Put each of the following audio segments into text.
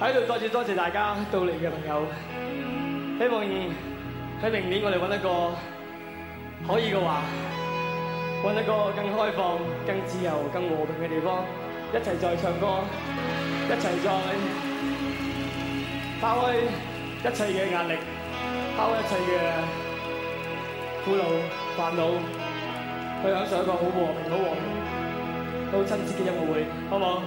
喺度再次多謝大家到嚟嘅朋友，希望喺明年我哋揾一個可以嘅話，揾一個更開放、更自由、更和平嘅地方，一齊再唱歌，一齊再拋開一切嘅壓力，拋開一切嘅苦惱煩惱，去享受一個好和平、好和平、好親切嘅音樂會，好冇？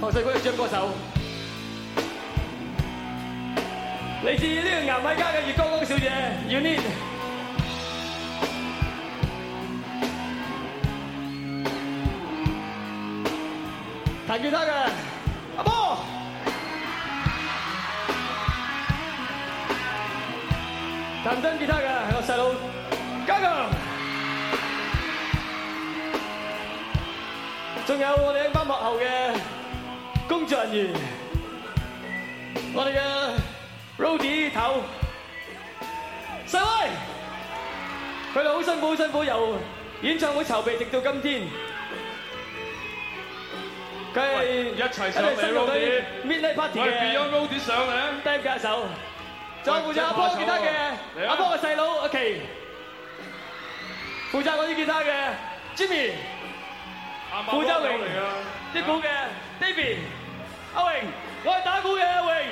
學細鬼去唱歌手。嚟自呢個牙買加嘅月光光小姐 Yunie，彈吉他嘅阿波，彈真吉他嘅係我細佬嘉強，仲有我哋一班幕後嘅工作人員，我哋嘅 Rudy 頭，四位，佢哋好辛苦，好辛苦，由演唱會籌備直到今天，佢哋一齊上嚟。Rudy，Beyonce 嘅，Beyond 嘅好短上嘅，低音結他手，再負責阿波吉他嘅，阿波嘅細佬阿奇，負責嗰啲吉他嘅 Jimmy，負責嗰啲鼓嘅 David。阿榮，我係打鼓嘅阿榮，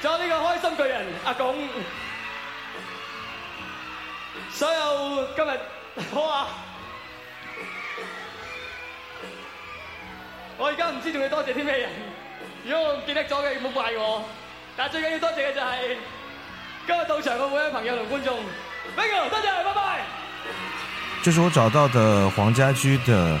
仲有呢個開心巨人阿鞏，所有今日好啊！我而家唔知仲要多謝啲咩人，如果我唔記得咗嘅，唔好怪我。但係最緊要多謝嘅就係今日到場嘅每一位朋友同觀眾，thank you，多謝，拜拜。就是我找到的黃家駒的。